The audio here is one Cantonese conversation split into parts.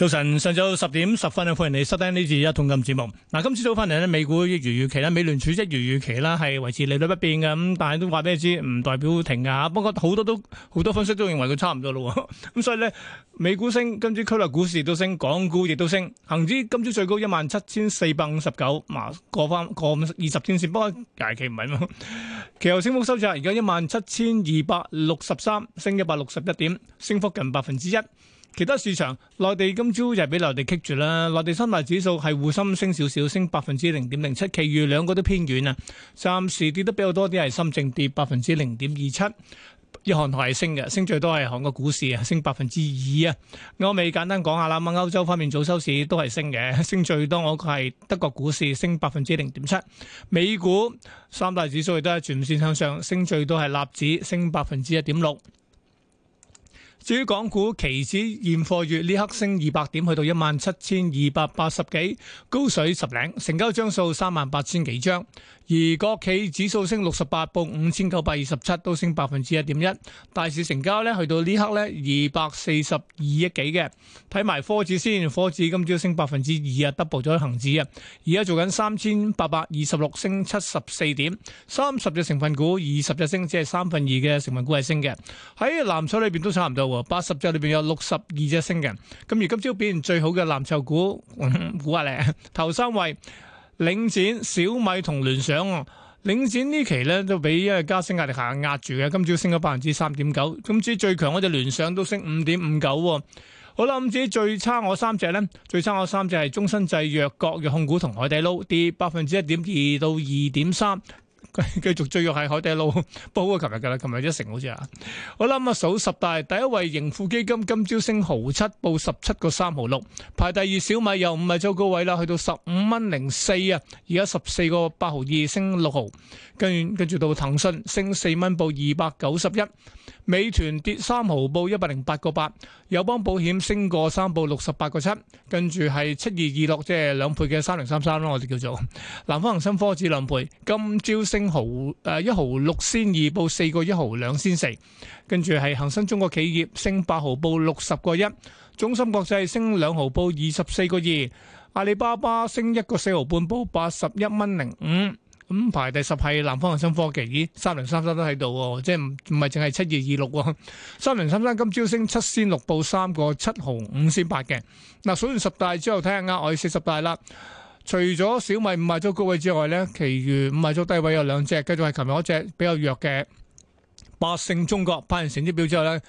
早晨，上晝十點十分啊，歡迎你收聽呢次一通金節目。嗱、啊，今次早翻嚟咧，美股一如預期咧，美聯儲一如預期啦，係維持利率不變嘅。咁但係都話俾你知，唔代表停噶。不過好多都好多分析都認為佢差唔多咯。咁、啊、所以咧，美股升，今朝區內股市都升，港股亦都升，恆指今朝最高一萬七千四百五十九，馬過翻過二十天線，不過假期唔係嘛？其後升幅收窄，而家一萬七千二百六十三，升一百六十一點，升幅近百分之一。其他市場，內地今朝就係俾內地棘住啦。內地三大指數係滬深升少少，升百分之零點零七。其餘兩個都偏軟啊。暫時跌得比較多啲係深證跌百分之零點二七。日韓台係升嘅，升最多係韓國股市啊，升百分之二啊。我咪簡單講下啦。咁啊，歐洲方面早收市都係升嘅，升最多我係德國股市升百分之零點七。美股三大指數亦都係全線向上，升最多係納指升百分之一點六。主港股期指現貨月呢刻升二百點，去到一萬七千二百八十幾，高水十零，成交張數三萬八千幾張。而國企指數升六十八，報五千九百二十七，都升百分之一點一。大市成交呢去到呢刻呢二百四十二億幾嘅。睇埋科指先，科指今朝升百分之二啊，l e 咗恆指啊。而家做緊三千八百二十六，升七十四點，三十隻成分股，二十隻升，只係三分二嘅成分股係升嘅。喺藍籌裏邊都差唔多。八十隻裏邊有六十二隻升嘅，咁而今朝表現最好嘅藍籌股，估、嗯、下咧，頭三位領展、小米同聯想。領展呢期咧都俾因為加息壓力下壓住嘅，今朝升咗百分之三點九。咁至最強嗰隻聯想都升五點五九。好啦，咁至最差我三隻咧，最差我三隻係中生製藥、國藥控股同海底撈，跌百分之一點二到二點三。繼 續追弱係海底撈，報啊，琴日噶啦，琴日一成好似啊。我諗啊，數十大第一位盈富基金今朝升毫七，報十七個三毫六。排第二小米又唔係最高位啦，去到十五蚊零四啊。而家十四個八毫二升六毫，跟住跟住到騰訊升四蚊，報二百九十一。美團跌三毫，報一百零八個八。友邦保險升個三，報六十八個七。跟住係七二二六，即係兩倍嘅三零三三啦，我哋叫做南方恒生科指兩倍，今朝升。升毫誒，一毫六仙二報四個一毫兩仙四，跟住係恒生中國企業升八毫報六十個一，中芯國際升兩毫報二十四個二，阿里巴巴升一個四毫半報八十一蚊零五，咁排第十係南方恒生科技，三零三三都喺度喎，即係唔唔係淨係七二二六，三零三三今朝升七仙六報三個七毫五仙八嘅，嗱，數完十大之後睇下額外四十大啦。除咗小米五十周高位之外呢，其餘五十周低位有兩隻，繼續係琴日嗰隻比較弱嘅百勝中國，派完成績表之後呢。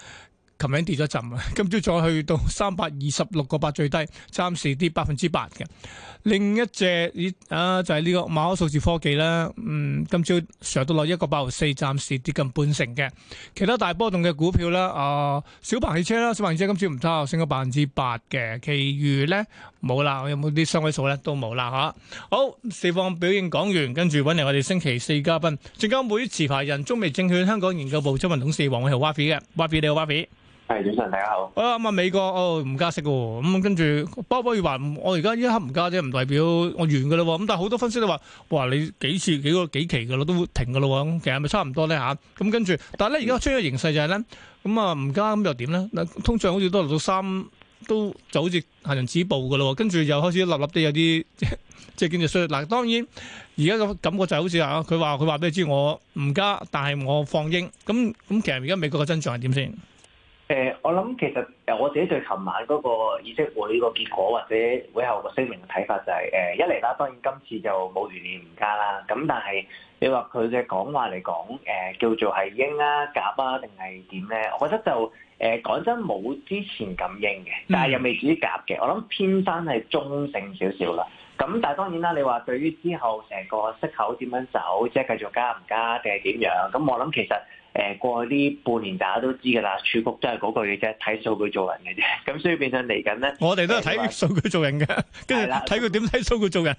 琴日跌咗浸啊，今朝再去到三百二十六個八最低，暫時跌百分之八嘅。另一隻呢啊就係、是、呢個馬可數字科技啦，嗯，今朝上到落一個八毫四，暫時跌近半成嘅。其他大波動嘅股票啦，啊、呃，小鵬汽車啦，小鵬汽車今朝唔差，升咗百分之八嘅。其餘咧冇啦，有冇啲雙位數咧都冇啦吓。好，四方表現講完，跟住搵嚟我哋星期四嘉賓，證監會持牌人中美證券香港研究部執行董事黃偉豪。Wafi 嘅，Wafi 你好，Wafi。係早晨，大家好。我啱啱美國哦，唔加息嘅，咁，跟住包包，如話我而家呢一刻唔加啫，唔代表我完噶啦。咁但係好多分析都話話你幾次幾個幾期噶咯，都停噶啦。咁其實咪差唔多咧吓。咁跟住，但係咧而家出咗形勢就係咧咁啊，唔加咁又點咧？嗱，通脹好似都落到三都就好似行人止步噶啦。跟住又開始立立哋有啲即係經濟衰退。嗱，當然而家嘅感覺就好似啊，佢話佢話俾你知我唔加，但係我放鷹咁咁。其實而家美國嘅真相係點先？誒、呃，我諗其實由我自己對琴晚嗰個議息會個結果或者會後個聲明嘅睇法就係、是、誒、呃、一嚟啦，當然今次就冇懸念唔加啦。咁但係你講話佢嘅講話嚟講，誒、呃、叫做係鷹啊、鴿啊定係點咧？我覺得就誒講、呃、真冇之前咁鷹嘅，但係又未至於鴿嘅。我諗偏翻係中性少少啦。咁但係當然啦，你話對於之後成個息口點樣走，即係繼續加唔加定係點樣？咁我諗其實誒過呢半年大家都知㗎啦，儲局都係嗰句嘢，即係睇數據做人嘅啫。咁所以變相嚟緊咧，我哋都係睇數據做人嘅，跟住睇佢點睇數據做人。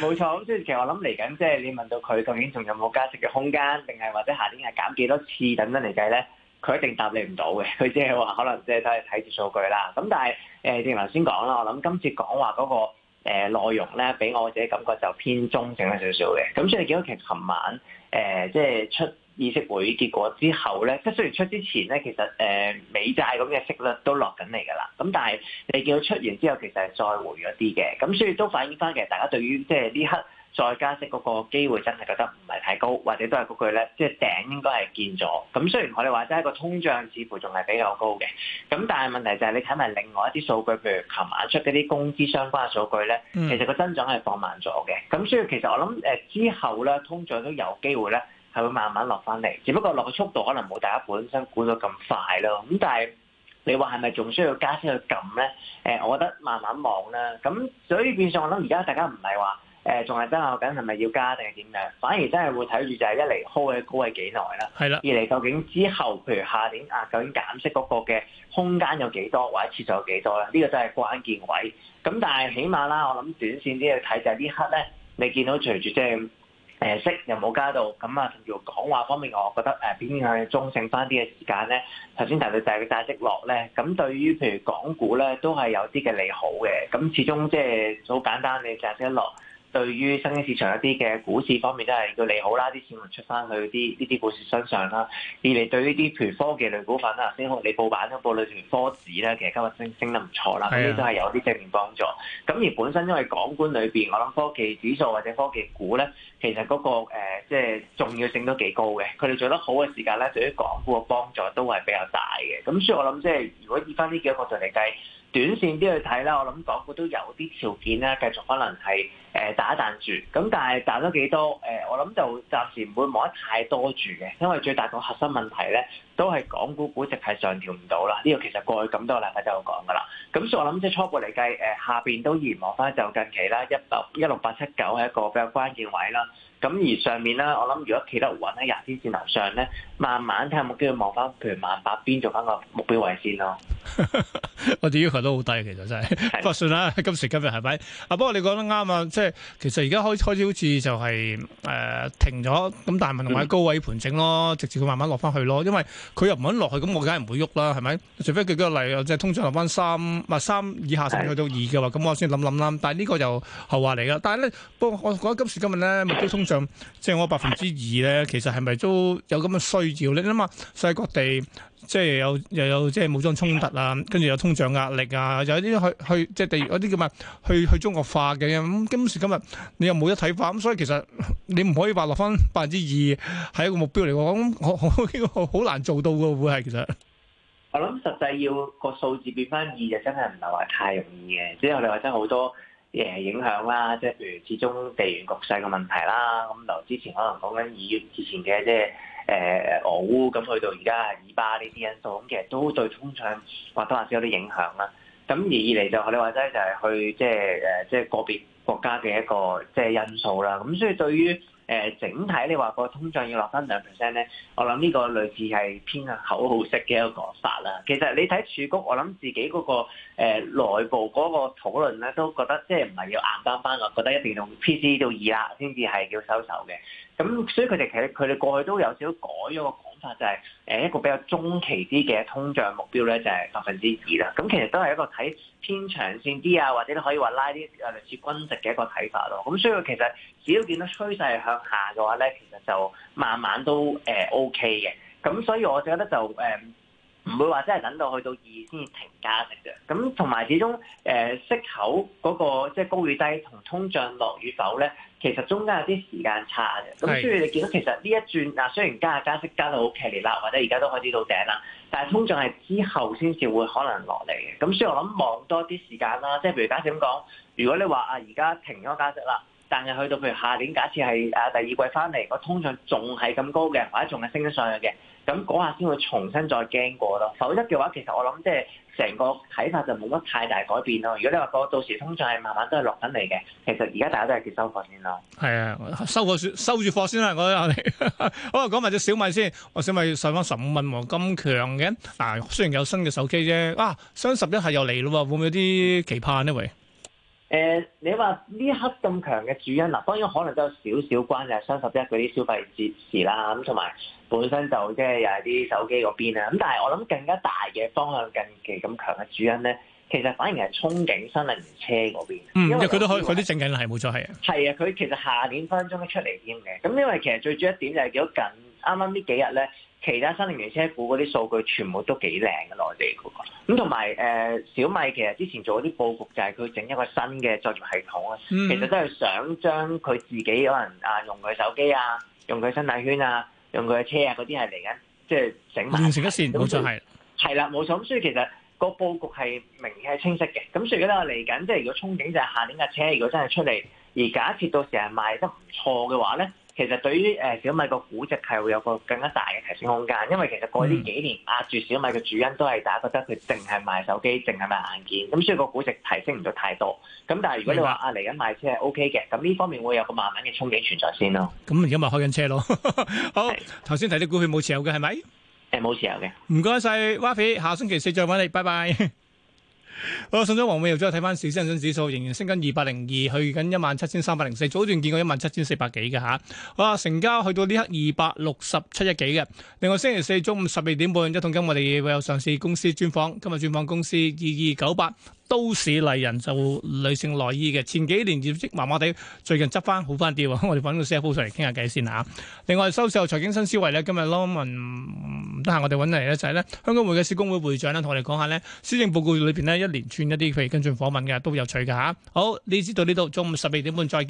冇錯。咁所以其實我諗嚟緊，即係你問到佢究竟仲有冇加息嘅空間，定係或者下年係減幾多次等等嚟計咧，佢一定答你唔到嘅。佢即係話可能即係都係睇住數據啦。咁但係誒、呃，正如頭先講啦，我諗今次講話嗰、嗰個。誒內容咧，俾我自己感覺就偏中性一少少嘅。咁所以你見到其實琴晚誒，即、呃、係、就是、出議息會結果之後咧，即係雖然出之前咧，其實誒、呃、美債咁嘅息率都落緊嚟㗎啦。咁但係你見到出完之後，其實係再回咗啲嘅。咁所以都反映翻其實大家對於即係呢刻。再加息嗰個機會真係覺得唔係太高，或者都係嗰句咧，即係頂應該係見咗。咁雖然我哋話齋個通脹似乎仲係比較高嘅，咁但係問題就係你睇埋另外一啲數據，譬如琴晚出嗰啲工資相關嘅數據咧，其實個增長係放慢咗嘅。咁所以其實我諗誒之後咧，通脹都有機會咧係會慢慢落翻嚟，只不過落嘅速度可能冇大家本身估到咁快咯。咁但係你話係咪仲需要加息去撳咧？誒，我覺得慢慢望啦。咁所以變相我諗而家大家唔係話。誒仲係爭拗緊，係咪要加定係點樣？反而真係會睇住，就係一嚟 hold 嘅高係幾耐啦，係啦。二嚟究竟之後，譬如下年啊，究竟減息嗰個嘅空間有幾多，或者次數有幾多咧？呢、這個真係關鍵位。咁但係起碼啦，我諗短線啲去睇就係、是、呢刻咧，你見到隨住即係誒息又冇加到，咁啊仲有講話方面，我覺得誒偏向中性翻啲嘅時間咧。頭先提到就係個債息落咧，咁對於譬如港股咧，都係有啲嘅利好嘅。咁始終即係好簡單，你債息一落。對於新興市場一啲嘅股市方面都係叫利好啦，啲市民出翻去啲呢啲股市身上啦。二嚟對呢啲譬如科技類股份啦，先好你報版啊、報類型科技指啦，其實今日升升得唔錯啦，呢啲都係有啲正面幫助。咁而本身因為港股裏邊，我諗科技指數或者科技股咧，其實嗰、嗰個即係、呃即係、重要性都幾高嘅，佢哋做得好嘅時間咧，對於港股嘅幫助都係比較大嘅。咁所以我諗即係如果以翻呢幾個角度嚟計。短線啲去睇啦，我諗港股都有啲條件咧，繼續可能係誒打彈住，咁但係賺咗幾多誒？我諗就暫時唔會望得太多住嘅，因為最大個核心問題咧都係港股估值係上調唔到啦。呢、這個其實過去咁多禮拜都有講噶啦。咁所以我諗即係初步嚟計，誒下邊都預望翻就近期啦，一六一六八七九係一個比較關鍵位啦。咁而上面咧，我諗如果企得穩喺廿天線樓上咧，慢慢睇下有冇機會望翻，譬如萬八邊做翻個目標位先咯。 我哋要求都好低，其實真係，的發算啦、啊。今時今日係咪？啊，不過你講得啱啊，即係其實而家開開始好似就係、是、誒、呃、停咗，咁但係咪同埋高位盤整咯，直至佢慢慢落翻去咯。因為佢又唔肯落去，咁我梗係唔會喐啦，係咪？除非佢舉個例，即係通脹落翻三，唔係三以下，下，甚至去到二嘅話，咁我先諗諗啦。但係呢個就後話嚟㗎。但係咧，不過我覺得今時今日咧，目標 即係我百分之二咧，其實係咪都有咁嘅需要呢？你諗下，世界各地即係有又有即係武裝衝突啊，跟住有通脹壓力啊，有啲去去即係地，如啲叫咩？去去中國化嘅咁、嗯。今時今日你又冇得睇法，咁所以其實你唔可以話落翻百分之二係一個目標嚟喎。咁我我呢個好難做到嘅會係其實。我諗實際要個數字變翻二就真係唔係話太容易嘅，即係我哋話真好多。誒影響啦，即係譬如始終地緣局勢嘅問題啦，咁例如之前可能講緊二月之前嘅即係誒俄烏，咁去到而家係以巴呢啲因素，咁其實都對通脹或多或少有啲影響啦。咁而二嚟就你話齋就係去即係誒即係個別國家嘅一個即係因素啦。咁所以對於誒，整體你話個通脹要落翻兩 percent 咧，我諗呢個類似係偏向口號式嘅一個講法啦。其實你睇儲局，我諗自己嗰、那個誒、呃、內部嗰個討論咧，都覺得即係唔係要硬加翻，我覺得一定要用 P C 到二啦，先至係叫收手嘅。咁所以佢哋其實佢哋過去都有少少改咗個講法，就係、是、誒一個比較中期啲嘅通脹目標咧，就係百分之二啦。咁其實都係一個睇偏長線啲啊，或者可以話拉啲誒類似均值嘅一個睇法咯。咁所以其實。只要見到趨勢向下嘅話咧，其實就慢慢都誒、呃、OK 嘅。咁所以我就覺得就誒唔、呃、會話真係等到去到二先至停加息嘅。咁同埋始終誒、呃、息口嗰、嗰個即係高與低同通脹落與否咧，其實中間有啲時間差嘅。咁所以你見到其實呢一轉啊，雖然加下加息加到好 k 嚟啦，或者而家都開始到頂啦，但係通脹係之後先至會可能落嚟嘅。咁所以我諗望多啲時間啦，即係譬如家姐咁講，如果你話啊而家停咗加息啦。但係去到譬如下年，假設係啊第二季翻嚟，個通脹仲係咁高嘅，或者仲係升得上去嘅，咁嗰下先會重新再驚過咯。否則嘅話，其實我諗即係成個睇法就冇乜太大改變咯。如果你話個到時通脹係慢慢都係落緊嚟嘅，其實而家大家都係結收貨先咯。係啊，收貨收住貨先啦，我哋 好啊，講埋隻小米先。哦，小米上翻十五蚊咁強嘅，嗱、啊、雖然有新嘅手機啫，啊雙十一係又嚟咯喎，會唔會有啲期盼呢？喂？誒、呃，你話呢一刻咁強嘅主因啦，當然可能都有少少關係雙十一嗰啲消費節事啦，咁同埋本身就即係又係啲手機嗰邊啊，咁但係我諗更加大嘅方向近期咁強嘅主因咧，其實反而係憧憬新能源車嗰邊。嗯，因為佢、嗯、都佢都升緊啦，係冇錯係。係啊，佢其實下年分分鐘都出嚟添嘅。咁因為其實最主要一點就係見到近啱啱呢幾日咧。其他新能源車股嗰啲數據全部都幾靚嘅，內地股咁同埋誒小米其實之前做一啲佈局，就係佢整一個新嘅作業系統、嗯、啊，其實都係想將佢自己可能啊用佢手機啊、用佢生態圈啊、用佢嘅車啊，嗰啲係嚟緊，即係、就是、整完整一線，咁就係，係啦，冇錯咁，所以其實個佈局係明顯係清晰嘅。咁所以如果咧，嚟緊即係如果憧憬就係下年架車如果真係出嚟，而假設到時係賣得唔錯嘅話咧。其實對於誒小米個估值係會有個更加大嘅提升空間，因為其實過去呢幾年壓住小米嘅主因都係大家覺得佢淨係賣手機，淨係賣硬件，咁所以個估值提升唔到太多。咁但係如果你話啊嚟緊賣車係 OK 嘅，咁呢方面會有個慢慢嘅憧憬存在先咯。咁而家咪開緊車咯。 好，頭先睇啲股票冇持有嘅係咪？誒冇持有嘅。唔該晒，Wafi，下星期四再揾你，拜拜。好，上咗黃偉豪之後，睇翻市，恒生指數仍然升緊二百零二，去緊一萬七千三百零四，早段見過一萬七千四百幾嘅吓。好啦，成交去到呢刻二百六十七億幾嘅。另外星期四中午十二點半，一桶金我哋會有上市公司專訪。今日專訪公司二二九八。都市麗人就女性內衣嘅，前幾年業績麻麻哋，最近執翻好翻啲， 我哋揾個師傅上嚟傾下偈先吓。另外收市後財經新思維咧，今日羅文得閒、嗯、我哋揾嚟咧就係、是、咧香港會計師公會會長咧，同我哋講下咧施政報告裏邊咧一連串一啲譬如跟進訪問嘅，都有趣嘅吓。好，呢節到呢度，中午十二點半再見。